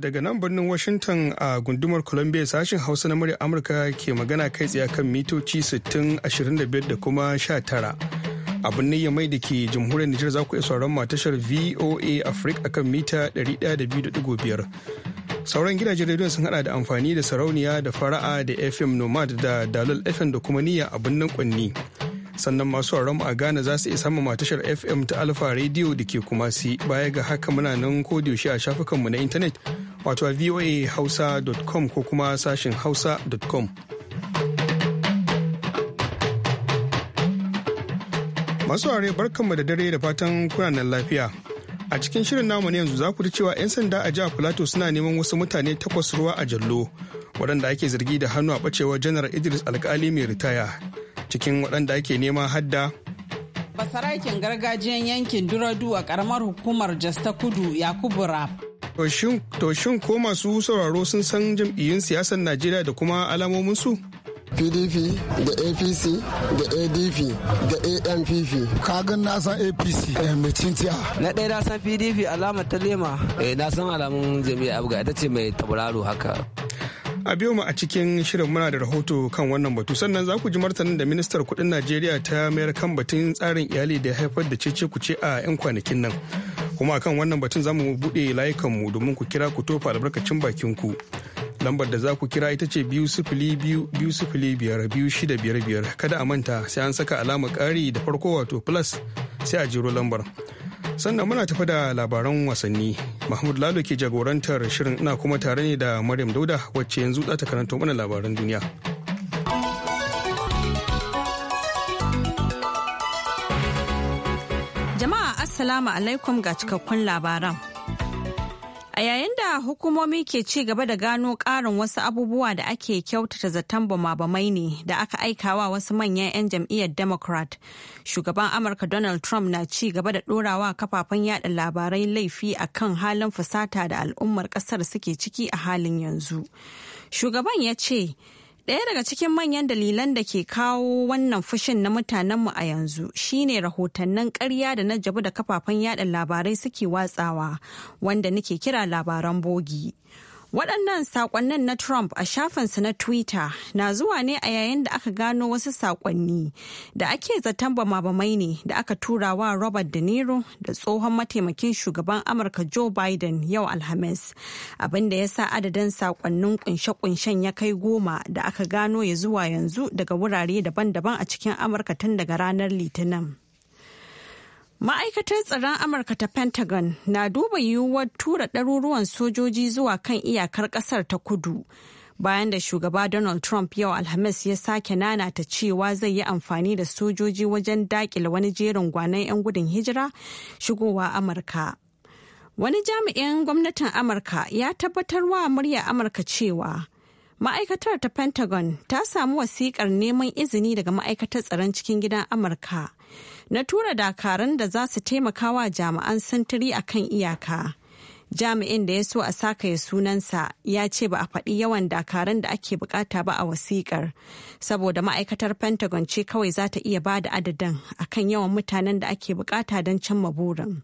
daga nan birnin Washington a gundumar Columbia sashen Hausa na murya Amurka ke magana kai tsaye kan mitoci 60, 25 da kuma 19. Abin niyya mai da ke jamhuriyar Nijar za ku iya sauran tashar VOA Africa akan mita 102.5. Sauran gidajen rediyon sun hada da amfani da sarauniya da fara'a da FM Nomad da Dalol FM da kuma niyya a birnin Kwanni. sannan masu mu a Ghana za su iya samun tashar FM ta Alfa Radio da ke kuma si baya ga haka muna nan kodiyoshi a shafukanmu na intanet wato a voahausa.com ko kuma sashin hausa.com. Masu ware barkanmu da dare da fatan kunanan lafiya. A cikin shirin namu yanzu za ku ji cewa 'yan sanda a jihar Filato suna neman wasu mutane takwas ruwa a jallo waɗanda ake zargi da hannu a ɓacewar janar Idris alkali mai ritaya cikin waɗanda ake nema hadda basarakin gargajiyan yankin duradu a karamar hukumar jasta kudu yakubu rap To shin ko masu sauraro sun san jam'iyyun siyasar Najeriya da kuma alamominsu? pdp da apc da adp da ampp kagan na san apc eh, mai cintiya na ɗaya na san pdp alamar ta lema eh na san alamun jami'a abuga ita ce mai tauraro haka a biyo mu a cikin shirin muna da rahoto kan wannan batu sannan za ku ji martanin da ministar kudin najeriya ta mayar kan batun tsarin iyali da haifar da cece kuce a 'yan kwanakin nan kuma kan wannan batun zamu buɗe layukanmu domin ku kira ku tofa albarkacin bakin ku lambar da za ku kira ita ce biyu sifili biyu biyu sifili biyar biyu shida biyar biyar kada a manta sai an saka alamar ƙari da farko wato plus sai a jiro lambar sannan muna tafi da labaran wasanni mahmud lalo ke jagorantar shirin ina kuma tare ne da maryam dauda wacce yanzu za ta karanta mana labaran duniya. Assalamu alaikum ga cikakkun labaran. A yayin da hukumomi ke ci gaba da gano ƙarin wasu abubuwa da ake kyautata zaton bamabamai ne da aka aikawa wasu manyan 'yan jam'iyyar Democrat, shugaban Amurka Donald Trump na ci gaba da ɗorawa kafafen yada labarai laifi a kan halin fusata da al'ummar ƙasar suke ciki a halin yanzu. Shugaban ya ce, Ɗaya daga cikin manyan dalilan da ke kawo wannan fushin na mutanenmu a yanzu shine rahotannin ƙarya da na jabu da kafafen yada labarai suke watsawa wanda nake kira labaran bogi. Waɗannan saƙonnin na Trump a shafinsa na Twitter na zuwa ne a yayin da aka gano wasu saƙonni da ake zaton bamabamai ne da aka tura wa Robert De Niro da tsohon mataimakin shugaban Amurka Joe Biden yau Alhamis, abinda ya sa adadin saƙonnin kunshe-kunshen ya kai goma da aka gano ya zuwa yanzu daga wurare daban-daban a cikin Amurka tun daga ranar Litinin. Ma'aikatar tsaron Amurka ta Pentagon na duba yiwuwar tura ɗaruruwan sojoji zuwa kan iyakar ƙasar ta kudu. Bayan da shugaba Donald Trump yau Alhamis ya sake nanata cewa zai yi amfani da sojoji wajen daƙile wani jerin gwanan 'yan gudun hijira shigowa Amurka. Wani jami'in gwamnatin Amurka ya tabbatar wa murya Amurka cewa ma'aikatar ta Pentagon ta samu wasiƙar neman izini daga ma'aikatar tsaron cikin gidan Amurka. na tura dakaran da za su taimaka wa jami'an sintiri a kan iyaka. Jami'in da ya so a saka ya sunansa ya ce ba a faɗi yawan dakaran da ake bukata ba a wasiƙar, saboda ma'aikatar Pentagon ce kawai za ta iya ba da adadin akan yawan mutanen da ake bukata don cimma burin.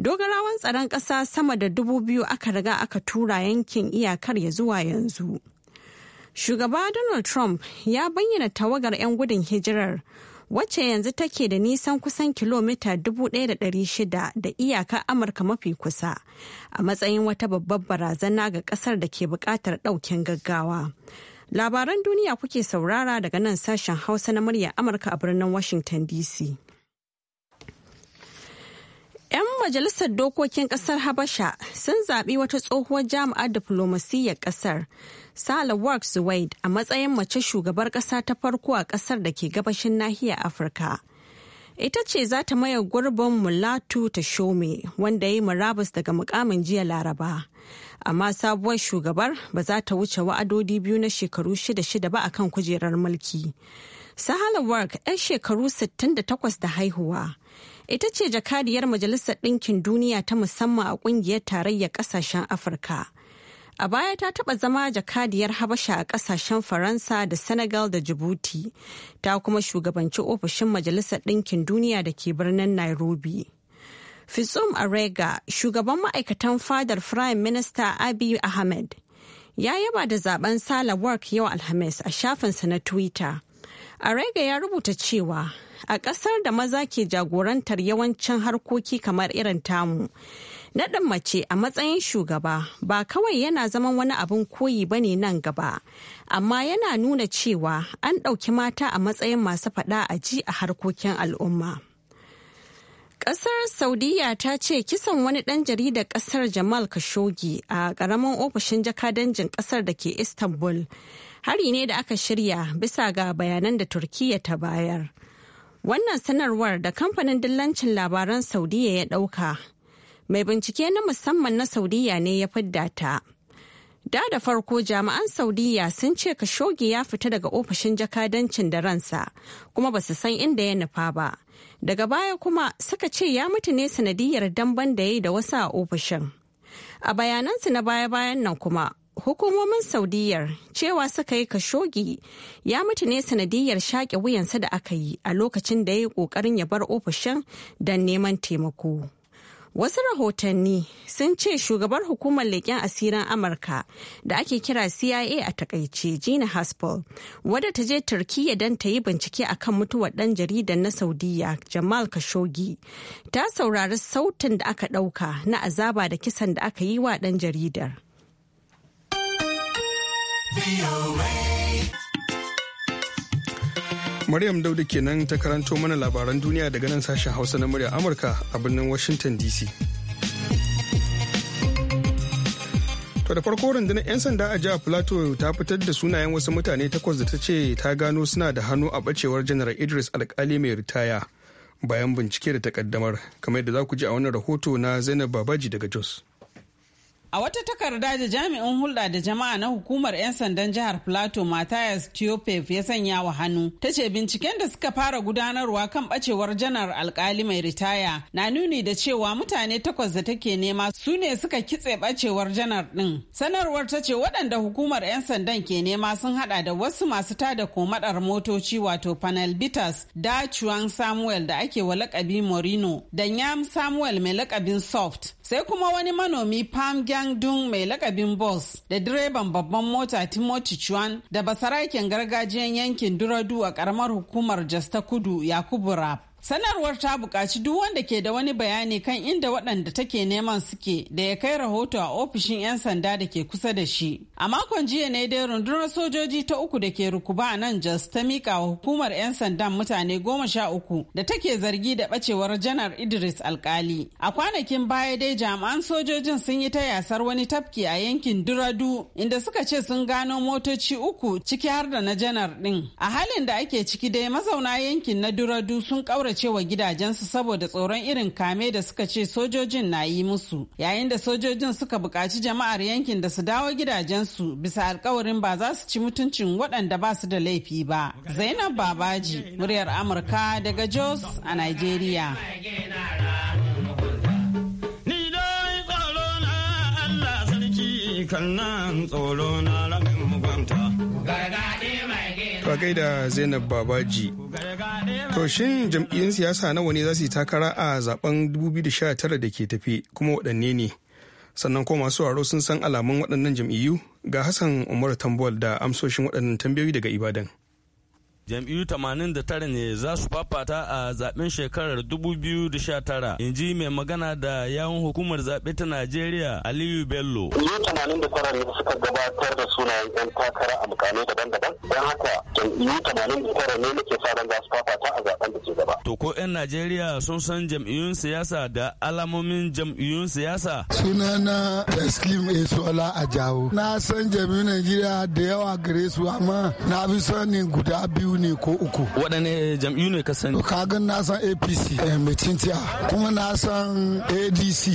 Dogarawan tsaron ƙasa sama da dubu biyu aka riga aka tura yankin iyakar ya zuwa yanzu. Shugaba Donald Trump ya bayyana tawagar 'yan gudun hijirar wacce yanzu take da nisan kusan kilomita 1,600 da iyaka amurka mafi kusa a matsayin wata babbar barazana ga kasar da ke bukatar daukin gaggawa labaran duniya kuke saurara daga nan sashen hausa na murya amurka a birnin washington dc 'Yan majalisar dokokin kasar Habasha sun zaɓi wata tsohuwar jami'ar diflomasiyyar kasar, Sala works Zuwaid a matsayin mace shugabar ƙasa ta farko a ƙasar da ke gabashin nahiyar Afirka. Ita ce za ta maye gurbin Mulatu ta shome wanda ya yi murabus daga mukamin jiya Laraba. Amma sabuwar shugabar ba za ta wuce wa'adodi biyu na shekaru shida-shida ba akan kujerar mulki. Sahala Work 'yan shekaru 68 da haihuwa. ita ce jakadiyar majalisar ɗinkin duniya ta musamman a ƙungiyar tarayyar ƙasashen afirka a baya ta taɓa zama jakadiyar habasha a ƙasashen faransa da senegal da djibouti ta kuma shugabanci ofishin majalisar ɗinkin duniya da ke birnin nairobi fitsum arega shugaban ma'aikatan fadar prime minister abiy ahmed ya yaba da zaben sala work yau alhamis a shafinsa na twitter arega ya rubuta cewa a ƙasar da maza ke jagorantar yawancin harkoki kamar irin tamu. Naɗin mace a matsayin shugaba ba kawai yana zaman wani abin koyi ba ne nan gaba, amma yana nuna cewa an ɗauki mata a matsayin masu faɗa a ji a harkokin al'umma. Ƙasar Saudiyya ta ce kisan wani ɗan jarida ƙasar Jamal Khashoggi a ƙaramin ofishin jakadanjin ƙasar da ke Istanbul hari ne da aka shirya bisa ga bayanan da Turkiyya ta bayar. Wannan sanarwar da kamfanin dillancin labaran Saudiya ya ɗauka. Mai bincike na musamman na Saudiya ne ya fidda ta. Da da farko jami'an Saudiya sun ce Khashoggi ya fita daga ofishin jakadancin da ransa kuma ba su san inda ya nufa ba. Daga baya kuma suka ce ya mutu ne sanadiyar damban da ya yi da wasu a ofishin. A bayanansu na baya-bayan nan kuma hukumomin saudiyar cewa suka yi kashogi ya mutu ne sanadiyar shaƙe wuyansa da aka yi a lokacin da ya yi ƙoƙarin ya bar ofishin don neman taimako wasu rahotanni sun ce shugabar hukumar leƙen asirin amurka da ake kira cia a takaice gina haspel wadda ta je turkiyya don ta yi bincike a kan mutuwar ɗan jaridar na saudiya jamal khashoggi ta saurari sautin da aka ɗauka na azaba da kisan da aka yi wa ɗan jaridar Maryam Dauda kenan ta karanto mana labaran duniya daga nan sashen Hausa na murya Amurka a birnin Washington DC. To da farko rundunar 'yan sanda a jihar Plateau ta fitar da sunayen wasu mutane takwas da ta ce ta gano suna da hannu a bacewar janar Idris alkali mai ritaya bayan bincike da takaddamar kamar yadda za ku ji a wannan rahoto na Zainab Babaji daga Jos. A wata takarda da jami'in hulɗa da jama'a na hukumar 'yan sandan jihar Plateau Matthias Tiopev ya sanya wa hannu, ta ce binciken da suka fara gudanarwa kan ɓacewar janar alkali mai ritaya na nuni da cewa mutane takwas da take nema su ne suka kitse bacewar janar ɗin. Sanarwar ta ce waɗanda hukumar 'yan sandan ke nema sun haɗa da wasu masu tada komadar motoci wato panel bitas da Chuang Samuel da ake wa lakabi Morino da Yam Samuel mai lakabin soft. sai kuma wani manomi Pam Dung mai lakabin Boss da direban babban mota Timothy Chuan da basaraken gargajiyan yankin Duradu a karamar hukumar Jasta Kudu Yakubu Rap. Sanarwar ta buƙaci duk wanda ke da wani bayani kan inda waɗanda take neman suke da ya kai rahoto a ofishin 'yan sanda da ke kusa da shi. A makon jiya ne dai rundunar sojoji ta uku da ke rukuba a nan Jos ta miƙa wa hukumar 'yan sandan mutane goma sha uku da take zargi da ɓacewar janar Idris alkali. A kwanakin baya dai jami'an sojojin sun yi ta yasar wani tafki a yankin Duradu inda suka ce sun gano motoci uku ciki har da na janar ɗin. A halin da ake ciki dai mazauna yankin na Duradu sun ƙaura cewa gidajensu saboda tsoron irin kame da suka ce sojojin na yi musu yayin da sojojin suka buƙaci jama'ar yankin da su dawo gidajensu bisa alkawarin ba za su ci mutuncin waɗanda ba su da laifi ba zainab babaji muryar amurka daga jos a nigeria kan nan tsoro na a gaida Zainab Babaji. To shin jam'iyyun siyasa nawa ne za su yi takara a zaben 2019 da ke tafi kuma waɗanne ne? Sannan ko masu waro sun san alamun waɗannan jam'iyyu ga Hassan Umar Tambol da amsoshin waɗannan tambayoyi daga Ibadan. jam'iyyu 89 ne za su fafata a zaben shekarar 2019 in ji mai magana da yawon hukumar zaɓe ta najeriya aliyu bello jam'iyyu 89 ne suka gabatar da sunayen yan takara a mukamai daban-daban don haka jam'iyyu 89 ne muke sa ran za su fafata a zaben da ke gaba to ko yan najeriya sun san jam'iyyun siyasa da alamomin jam'iyyun siyasa sunana taslim esola ajawo na san jam'iyyun najeriya da yawa gare su amma na fi sanin guda biyu ne ko uku waɗanne jam'iyyu ne ka sani ka na san apc eh, mai cinciya kuma na san adc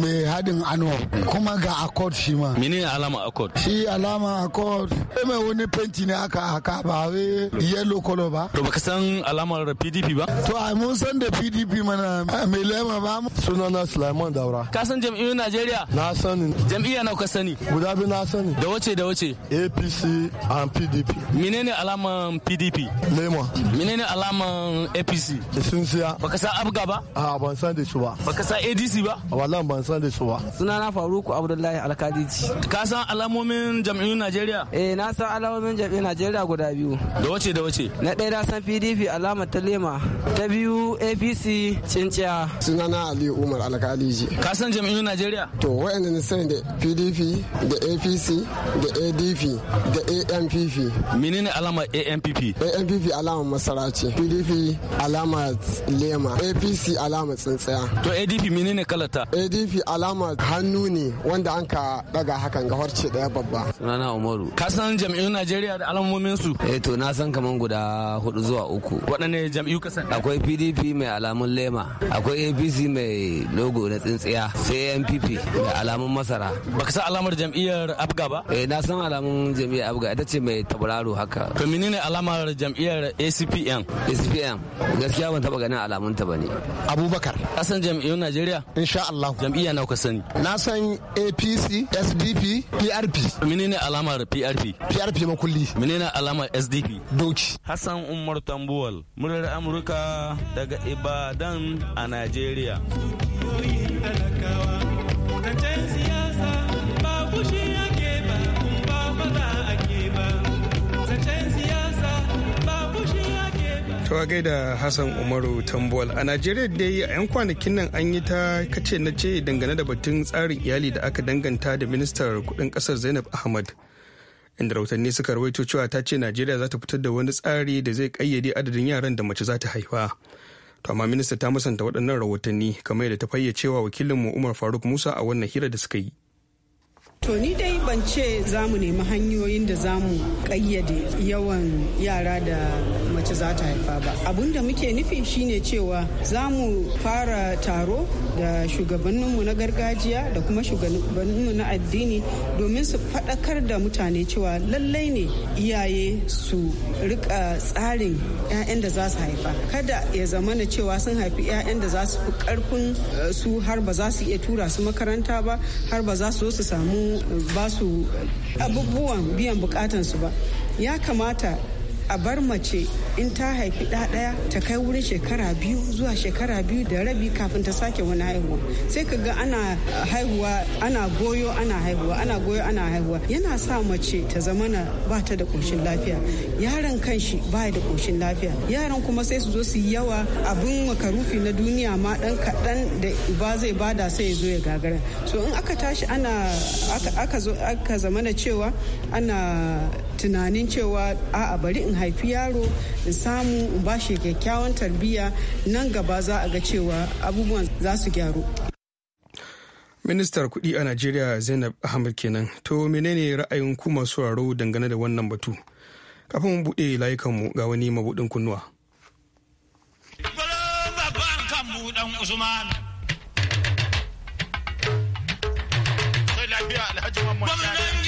mai hadin anuwa kuma ga accord shi ma menene alama accord shi alama accord eh, mai wani fenti ne aka haka ba we yellow color ba to baka san alamar pdp ba to a mun san da pdp mana eh, mai lema ba sunana sulaiman daura ka san jam'iyyun najeriya na sani jam'iyya nawa ka sani guda biyu na sani da wace da wace apc and pdp menene alaman pdp Alhaji Lema. Menene alaman APC? sunsiya Baka sa abga ba? A ban san da shi ba. Baka sa ADC ba? Wallahi ban san da shi ba. na Faruku Abdullahi alkadiji Ka san alamomin jam'iyyun Najeriya? Eh na san alamomin jam'iyyun Najeriya guda biyu. Da wace da wace? Na ɗaya na san PDP alama ta Lema. Ta biyu APC Cinciya. na Ali Umar alkadiji Ka san jam'iyyun Najeriya? To wa'annan ne sai da PDP da APC da ADP da ANPP. Menene alama ampp npp alama masara ce pdp alama lema apc alama tsintsiya to adp menene kalata adp alama hannu ne wanda an ka daga hakan ga harce daya babba sunana umaru ka san jam'iyyun najeriya da alamomin su eh to na san kaman guda hudu zuwa uku waɗanne jam'iyyu ka san akwai pdp mai alamun lema akwai apc mai logo na tsintsiya sai npp mai alamun masara baka san alamar jam'iyyar abga ba eh na san alamun jam'iyyar abga ita ce mai tauraro haka to menene alamar jam'iyyar jam'iyyar ACPN. ACPN gaskiya ban taba ganin alamun ta bane. Abubakar. Kasan jam'iyyun Najeriya? Insha Allah. Jam'iyya nawa ka sani? Na san APC, SDP, PRP. Menene alamar PRP? PRP makulli. Menene alamar SDP? Doki. Hassan Umar Tambuwal, murar Amurka daga Ibadan a Najeriya. tawa gaida hassan umaru tambol a najeriya dai a 'yan kwanakin nan an yi ta kace na ce dangane da batun tsarin iyali da aka danganta da ministar kudin kasar zainab ahmad inda rahotanni suka rawaito cewa ta ce najeriya za ta fitar da wani tsari da zai kayyade adadin yaran da mace za ta haifa to amma minista ta musanta waɗannan rahotanni kamar yadda ta fayyacewa wakilinmu umar faruk musa a wannan hira da suka yi To ni dai ban ce za mu nemi hanyoyin da za mu ƙayyade yawan yara da mace za ta haifa ba. Abin da muke nufi shine cewa za mu fara taro da shugabanninmu na gargajiya da kuma shugabanninmu na addini domin su faɗakar da mutane cewa lallai ne iyaye su rika tsarin 'ya'yan da za su haifa. Kada ya zama na cewa sun haifi 'ya'yan da za su fi ƙarfin su har ba za su iya tura su makaranta ba har ba za su zo su samu ba su abubuwan biyan bukatansu ba ya kamata a bar mace in ta haifi ɗa ɗaya ta kai wurin shekara biyu zuwa shekara biyu da rabi kafin ta sake wani haihuwa sai ka ga ana haihuwa ana goyo ana haihuwa ana goyo ana haihuwa yana sa mace ta zamana ba ta da ƙoshin lafiya yaron shi ba da ƙoshin lafiya yaran kuma sai su zo su yi yawa abin makarufi na duniya ma ɗan kaɗan da uba zai bada sai ya zo ya gagara so in aka tashi ana aka zamana cewa ana tunanin cewa a'a bari in haifi yaro in samu in ba kyakkyawan tarbiyya nan gaba za a ga cewa abubuwan za su gyaru ministar kudi a najeriya zainab ahmed kenan to menene ra'ayin ku masu raro dangane da wannan batu kafin mu bude layukanmu ga wani mabudin kunnuwa Gwamnan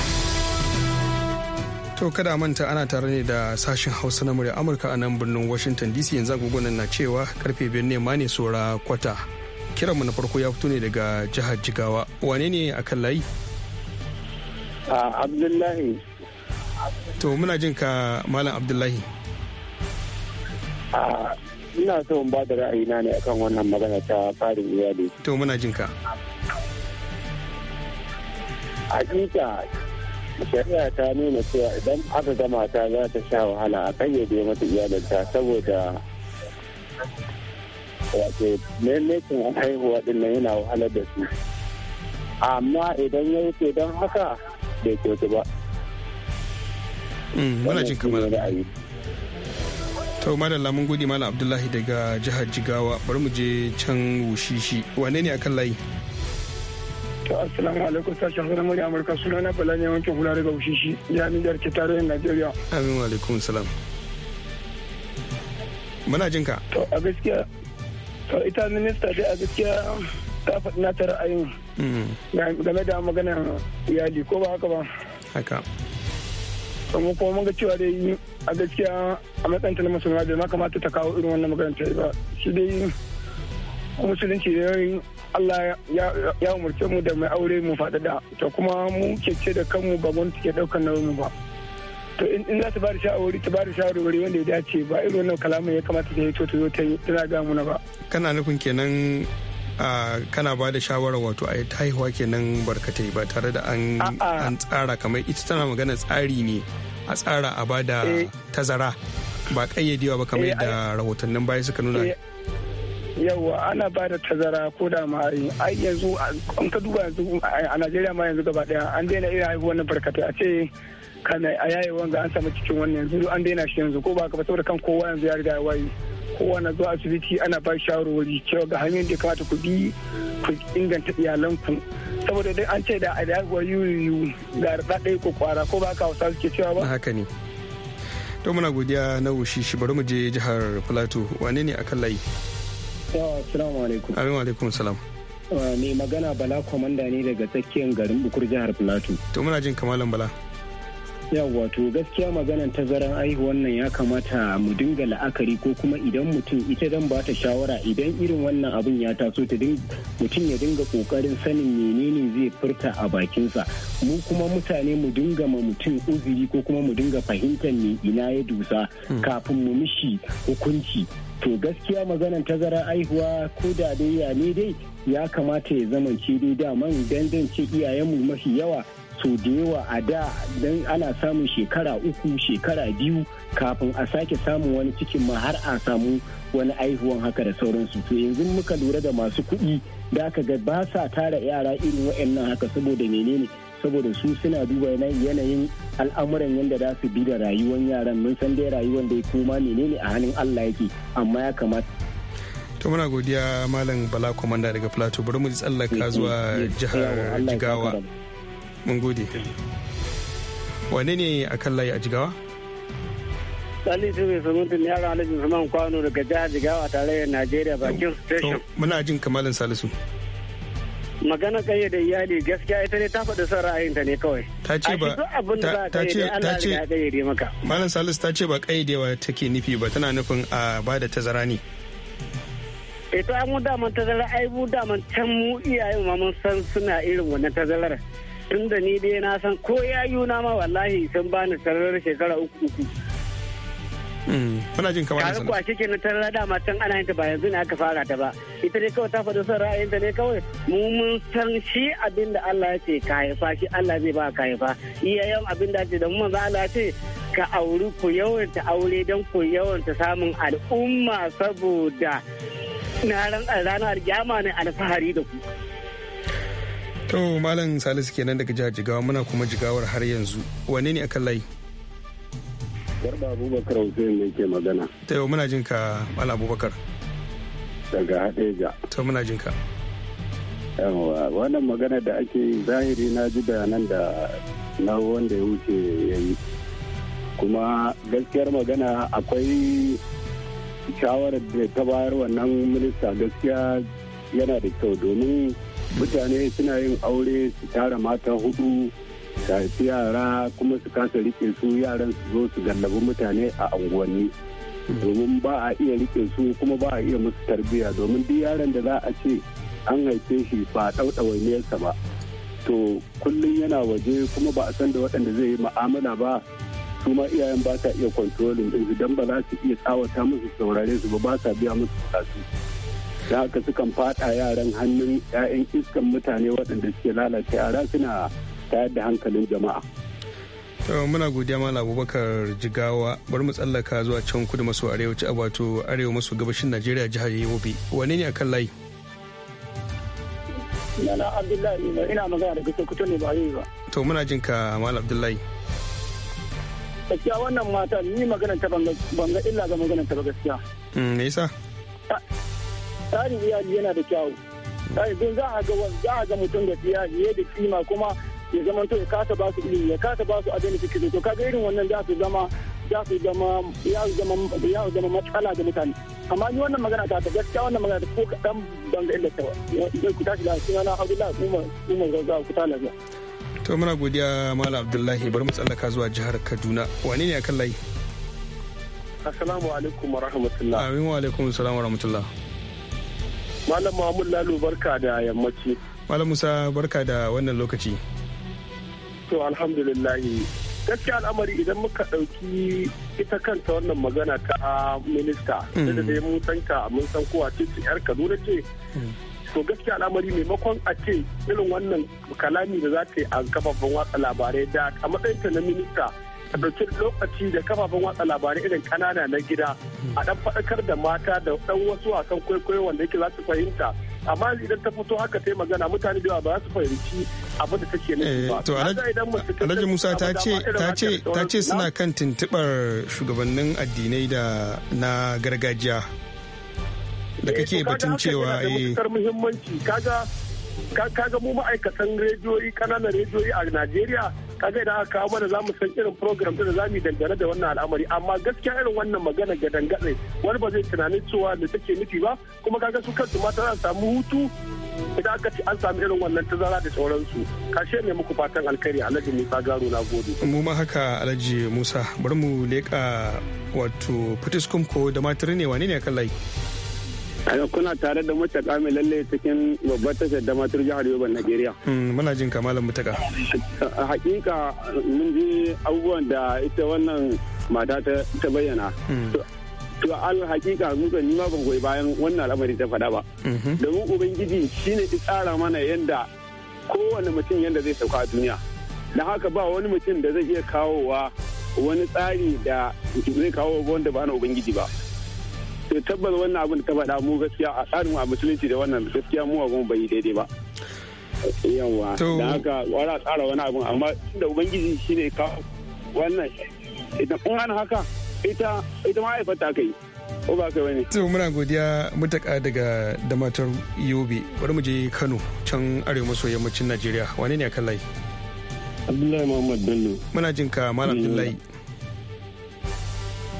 To kada manta ana tare ne da sashen Hausa na murya Amurka a nan birnin Washington DC yanzu agogonan na cewa karfe biyar ne ma ne tsora kwata. Kiranmu na farko ya fito ne daga jihar Jigawa. Wane ne a kan layi? Abdullahi. To muna jin ka Malam Abdullahi. Ina so in ba da ra'ayina ne akan wannan magana ta farin iyali. To muna jin ka. Hakika shari'a ta nuna cewa idan aka ga mata za ta sha wahala a kayyade mata iyalinta saboda wato lallacin haihuwa din nan yana wahalar da su amma idan ya wuce don haka bai kyautu ba mm, muna jin kamar to mun gode malam abdullahi daga jihar jigawa bari mu je can wushishi wane ne akan layi To assalamu alaikum sashen hausa murya Amurka suna na Bala ne wankin hula daga Ushishi ya Nijar ke tarayyar Najeriya. Amin wa alaikum salam. Muna jin ka. To a gaskiya to ita minista dai a gaskiya ta faɗi na ta ra'ayin mm. game da maganar iyali ko ba haka ba. Haka. kuma kuma mun ga cewa dai a gaskiya a matsayin ta na musulma da ma kamata ta kawo irin wannan maganar ta ba shi dai musulunci ne. Allah ya umarce mu da mai aure mu faɗaɗa to kuma mu ke ce da kanmu ba mun ke ɗaukar nauyin ba to in za ta ba da shawari ta ba da wanda ya dace ba irin wannan kalamin ya kamata ta yi to ta ta yi tana ga muna ba kana nufin kenan kana ba da shawara wato a ta haihuwa kenan barkatai ba tare da an tsara kamar ita tana magana tsari ne a tsara a ba da eh. tazara ba kayyadewa ba kamar eh, yadda rahotannin baya suka nuna eh, yawa ana ba da tazara ko da ma ai yanzu an ka duba yanzu a najeriya ma yanzu gaba daya an daina iya haihuwa wannan barkatai a ce kana a yayi wanga an samu cikin wannan yanzu an daina shi yanzu ko ba ka saboda kan kowa yanzu ya riga ya wayi kowa na zuwa asibiti ana ba shawarwari cewa ga hanyoyin da ya kamata ku bi ku inganta iyalanku saboda dai an ce da a yaguwa yuyu ga rada ko kwara ko ba ka hausa suke cewa ba haka ne to muna godiya na wushi shi bari mu je jihar plateau wane ne akan layi Yawa, salamu alaikum. alaikum salam. Uh, mai magana Bala Kwamanda ne daga tsakiyar garin Bukur jihar Plateau. To muna jin kamalan Bala. Yawwa to gaskiya maganan tazaran aihuwan nan ya kamata mu dinga la'akari ko kuma idan mutum ita dan ba ta shawara idan irin wannan abun ya taso ta mutum ya dinga kokarin sanin menene zai furta a bakinsa mu kuma mutane mu dinga ma mutum uzuri ko kuma mu dinga fahimtar me ina ya dusa hmm. kafin mu mishi hukunci to gaskiya maganan tazara aihuwa ko da dai ya ne dai ya kamata ya zamance dai daman dandance iyayenmu mafi yawa so da yawa a da don ana samun shekara uku shekara biyu kafin a sake samun wani cikin ma har a samu wani aihuwan haka da sauransu to yanzu muka lura da masu kuɗi da aka ga ba sa tara yara irin waɗannan haka saboda menene saboda su suna duba yanayin al'amuran yadda za su bi da rayuwar yaran mun san dai rayuwar dai kuma menene a hannun Allah yake amma ya kamata to muna godiya malam bala komanda daga plateau bari mu ji tsallaka zuwa jihar jigawa mun gode wane ne a kan layi a jigawa Salisu mai sumuntu ne yara alhaji Usman Kwano daga jihar Jigawa tare da Najeriya bakin station. Muna jin kamalin Salisu. magana kai da iyali gaskiya ita ne ta faɗi son ra'ayinta ne kawai ta ce ba ta ce ta ce malam salisu ta ce ba wa take nufi ba tana nufin a ba tazara ne ita eh, an mu daman tazara ai mu daman can mu iyaye ma mun san suna irin wannan tazarar tunda ni dai na san ko yayu na ma wallahi sun bani tazarar shekara uku uku Hmm. muna jin kamar sanar ke na tarar da matan ana yin ta ba yanzu ne aka fara ta ba ita ne kawai ta faɗi son ra'ayin ta ne kawai mu mun san shi abinda Allah ya ce ka haifa shi Allah zai ba ka haifa iya abin da ake ce da mu manzo Allah ce ka auri ku yawanta aure don ku yawanta samun al'umma saboda na ranar gyama ne alfahari da ku to malam salisu kenan daga jihar jigawa muna kuma jigawar har yanzu wane ne akan layi Garba Abubakar Hussein ne ke magana. Ta yau muna jinka Mala Abubakar. Daga Hadeja. Ta muna jinka. Yawwa wannan magana da ake yi zahiri na ji bayanan da na wanda ya wuce ya yi. Kuma gaskiyar magana akwai shawarar da ta bayar wannan minista gaskiya yana da kyau domin mutane suna yin aure su tara mata hudu ta haifi yara kuma su kasa rike su yaran su zo su gallabi mutane a unguwanni domin ba a iya rike su kuma ba a iya musu tarbiyya domin duk yaran da za a ce an haife shi ba ɗauɗawai nesa ba to kullum yana waje kuma ba a san da waɗanda zai yi ma'amala ba su ma iyayen ba ta iya kwantolin ɗin don ba za su iya tsawata musu saurare su ba ba sa biya musu kasu da haka sukan faɗa yaran hannun 'ya'yan iskan mutane waɗanda suke lalata yara suna tayar da hankalin jama'a to muna godiya malam abubakar jigawa bari mu tsallaka zuwa can kudu maso arewaci a wato arewa maso gabashin najeriya jihar yobe wane ne akan layi Nana Abdullahi ina magana daga Sokoto ne ba yi ba. To muna jin ka Malam Abdullahi. Gaskiya wannan mata ni magana ta banga illa ga magana ta ba gaskiya. Mm, me yasa? Tsarin iyali yana da kyawu. Tsarin za a ga za a ga mutum fiye da kima kuma ya zama to ya kasa ba su ilimi ya kasa ba su abin da suke to kaga irin wannan za su zama za su zama ya zama ya zama matsala da mutane amma ni wannan magana ta gaskiya wannan magana ko kadan ban ga illata ba zai ku tashi da na Abdullahi Umar Umar Gaza ku tana ga to muna godiya Malam Abdullahi bari mu tsallaka zuwa jihar Kaduna wane ne akan layi Assalamu alaikum wa rahmatullah. Amin wa alaikum salam wa rahmatullah. Malam Muhammad Lalo barka da yammaci. Malam Musa barka da wannan lokaci. To alhamdulillahi gaskiya al'amari idan muka ɗauki ita kanta wannan magana ta minista mm. da dai mun san ka mun san kowa ce yar Kaduna ce mm. to gaskiya al'amari maimakon a ce irin wannan kalami da za ta yi a kafafen watsa labarai da a matsayinta na minista a ɗauki lokaci da kafafen watsa labarai irin kanana na gida a ɗan faɗakar da mata da ɗan wasu wasan kwaikwayo wanda yake za su fahimta amma idan ta fito haka ta yi magana mutane da ba su fahimci abin da take nufi eh, ba. To Alhaji Musa ta ce suna kan tuntuɓar shugabannin addinai da na gargajiya. Da eh, kake batun cewa eh. muhimmanci kaga kaga mu ma'aikatan rediyoyi kananan rediyoyi a Najeriya kage idan aka kawo za mu san irin program da za mu dangane da wannan al'amari amma gaskiya irin wannan magana ga dangane wani ba zai tunanin cewa da take nufi ba kuma kaga su kansu ma za samu hutu idan aka ci an samu irin wannan tazara da sauransu kashe ne muku fatan alkhairi alhaji musa garo na gode mu ma haka alhaji musa bari mu leka wato fitiskum ko da matiri ne wane ne kan layi kuna tare da mutaka mai lalle cikin babbar tashar da matar jihar yoruba najeriya hmm, muna jin kamalan mutaka hakika mun ji abubuwan da ita wannan mata ta bayyana hmm. to al hakika muka nima ban goyi bayan wannan al'amari ta faɗa ba mhm. domin ubangiji shine ya tsara mana yadda kowane mutum yadda zai sauka a duniya da haka ba wani mutum da zai iya kawowa wani tsari da zai kawo wanda ba na ubangiji ba to tabbas wannan abin ta faɗa mu gaskiya a tsarin a musulunci da wannan gaskiya mu abin bai daidai ba yawa da haka wara tsara wani abin amma da ubangiji shine kawo. wannan idan in an haka ita ita ma aifata yi ko ba kai wani to muna godiya mutaka daga damatar yobe bari mu je kano can arewa maso yammacin najeriya wani ne a kan layi Abdullahi Muhammad Bello. Muna jin ka Malam mm. Abdullahi.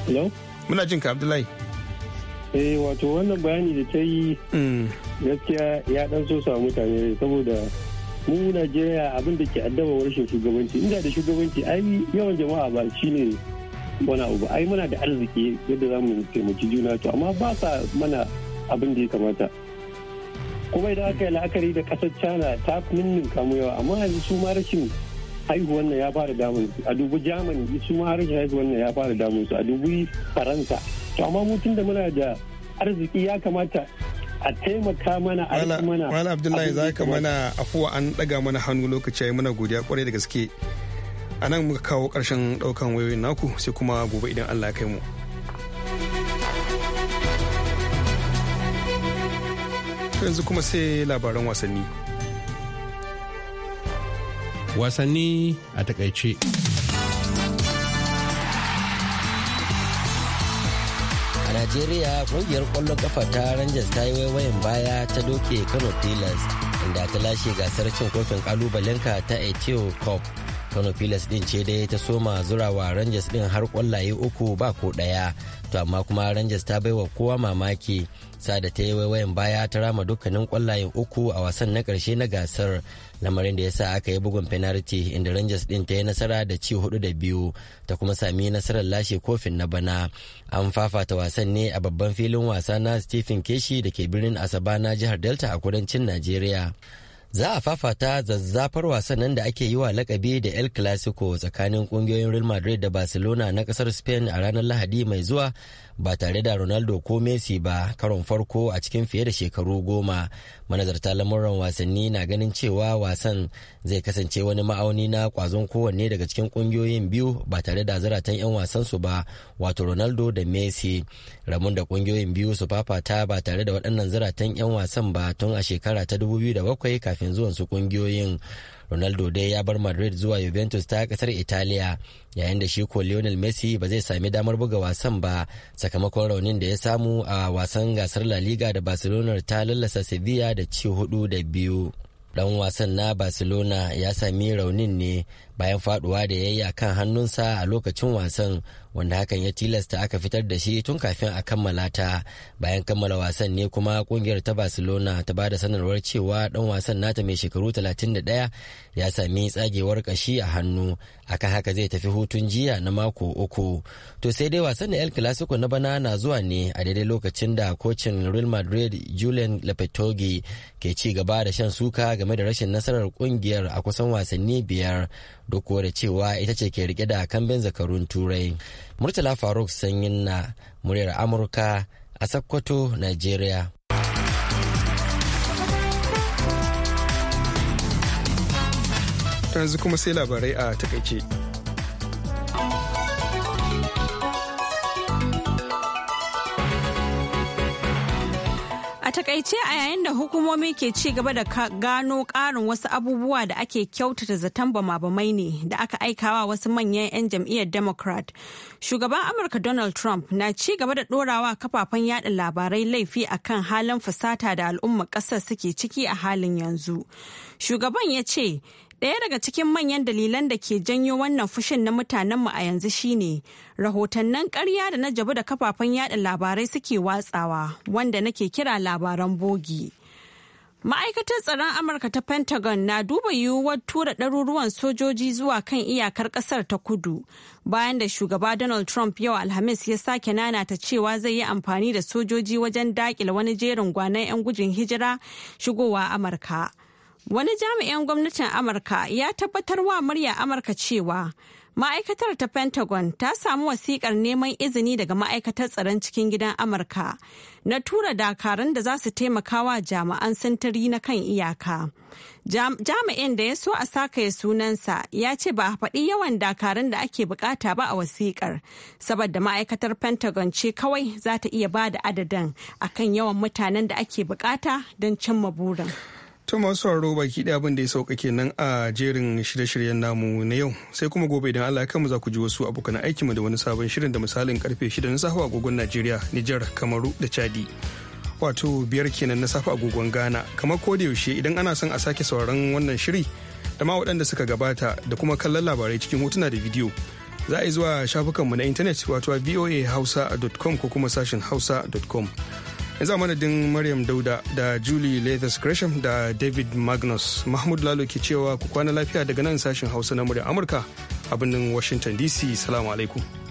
Hello? Muna jinka Abdullahi. eh wato wannan bayani da ta yi mm. gaskiya ya dan so samu mutane saboda mu najeriya abin da ke addaba rashin shugabanci inda da shugabanci ai yawan jama'a ba shi ne wani abu ai muna da arziki yadda za mu taimaki juna to amma ba sa mana abin da ya kamata kuma idan aka yi la'akari da kasar china ta ninnin kamu yawa amma yanzu su ma rashin haihuwan nan ya fara damun su a dubu germany su ma rashin haihuwan nan ya fara damun su a dubu faransa to amma mu da muna da arziki ya kamata a taimaka mana a yi mana wala abdullahi za ka mana afuwa an daga mana hannu lokaci ya mana godiya kwarai da gaske a nan muka kawo karshen ɗaukan wayoyin naku sai kuma gobe idan allah ya kai mu yanzu kuma sai labaran wasanni wasanni a takaice najeriya kungiyar kwallon kafa ta rangers ta yi waiwayin baya ta doke kano pilas inda ta lashe gasar cin kofin kalubalenka ta ethiopia. cup kano pilas din ce dai ta soma zurawa rangers din har kwallaye uku ba ko daya to amma kuma rangers ta baiwa kowa mamaki sada ta yi waiwayen baya ta rama dukkanin kwallayen uku a wasan na karshe na gasar lamarin da ya sa aka yi bugun penalty inda rangers din ta yi nasara da ci hudu da biyu ta kuma sami nasarar lashe kofin na bana an fafata wasan ne a babban filin wasa na stephen keshi da ke birnin asaba na jihar delta a kudancin najeriya za a fafata zazzafar wasan wasannin da ake yi wa lakabi da el clasico tsakanin kungiyoyin real madrid da barcelona na kasar spain a ranar lahadi mai zuwa ba tare da ronaldo ko messi ba karon farko a cikin fiye da shekaru goma manazarta lamuran wasanni na ganin cewa wasan zai kasance wani ma'auni na kwazon kowanne daga cikin kungiyoyin biyu ba tare da zaratan 'yan wasansu ba wato ronaldo da messi ramun da kungiyoyin biyu su fafata ba tare da waɗannan zaratan 'yan wasan ba tun a shekara ta 2007 kafin zuwan su kungiyoyin ronaldo dai ya bar madrid zuwa juventus ta kasar italiya yayin da shi ko lionel messi ba zai sami damar buga wasan ba sakamakon raunin da ya samu a wasan gasar la liga da barcelona ta lallasa sevilla da ci hudu da biyu dan wasan na barcelona ya sami raunin ne bayan faduwa da ya yi yayya kan hannunsa a lokacin wasan wanda hakan ya tilasta aka fitar da shi tun kafin a kammala ta bayan kammala wasan ne kuma kungiyar ta barcelona ta bada sanarwar cewa dan wasan nata mai shekaru 31 ya sami tsagewar kashi a hannu akan haka zai tafi hutun jiya na mako uku to sai dai wasan da el clasico na bana na zuwa ne a daidai lokacin da kocin real madrid julian lepetogi ke ci gaba da shan suka game da rashin nasarar kungiyar a kusan wasanni biyar duk da cewa ita ce ke rike da kambin zakarun turai murtala faruk sanyin na muryar amurka a sakkwato nigeria yanzu kuma sai labarai a takaice A takaice a yayin da hukumomi ke ci gaba da gano ƙarin wasu abubuwa da ake kyautata zaton bama-bamai ne da aka aikawa wasu manyan 'yan jam'iyyar Democrat. Shugaban Amurka Donald Trump na ci gaba da dorawa kafafen yada labarai laifi akan halin fusata da al'umma ƙasa suke ciki a halin yanzu. Shugaban ya ce, Ɗaya daga cikin manyan dalilan da ke janyo wannan fushin na mutanenmu a yanzu shine rahotannin karya da na jabu da kafafen yada labarai suke watsawa wanda nake kira labaran bogi. Ma'aikatar tsaron Amurka ta Pentagon na duba yiwuwar tura ɗaruruwan sojoji zuwa kan iyakar ƙasar ta kudu bayan da shugaba Donald Trump yau Alhamis ya sake nanata cewa zai yi amfani da sojoji wajen daƙile wani jerin gwanan 'yan gujin hijira shigowa Amurka. Wani jami'in gwamnatin Amurka ya tabbatar wa murya Amurka cewa ma'aikatar ta Pentagon ta samu wasikar neman izini daga ma'aikatar tsaron cikin gidan Amurka na tura dakarun da za su taimaka wa jami'an sintiri na kan iyaka. Jami'in da ya so a sakaye sunansa ya ce ba a faɗi yawan dakarun da ake bukata ba a wasikar, saboda ma'aikatar Pentagon ce kawai za ta iya ba da adadin akan yawan mutanen da ake bukata don cimma burin. To masu sauraro baki ɗaya abin da ya sauka kenan a jerin shirye-shiryen namu na yau sai kuma gobe idan Allah ya mu za ku ji wasu abokan aikinmu da wani sabon shirin da misalin karfe shida na safe agogon Najeriya, Nijar, Kamaru da Chadi. Wato biyar kenan na safe agogon Ghana. Kamar ko da yaushe idan ana son a sake sauraron wannan shiri da ma waɗanda suka gabata da kuma kallon labarai cikin hotuna da bidiyo. Za a yi zuwa shafukanmu na intanet wato voahausa.com ko kuma sashin hausa.com. yanzu manadin maryam dauda da julie lathis gresham da david magnus mahmud lalo ke cewa ku kwana lafiya daga nan sashen hausa na murya amurka a birnin washington dc salamu alaikum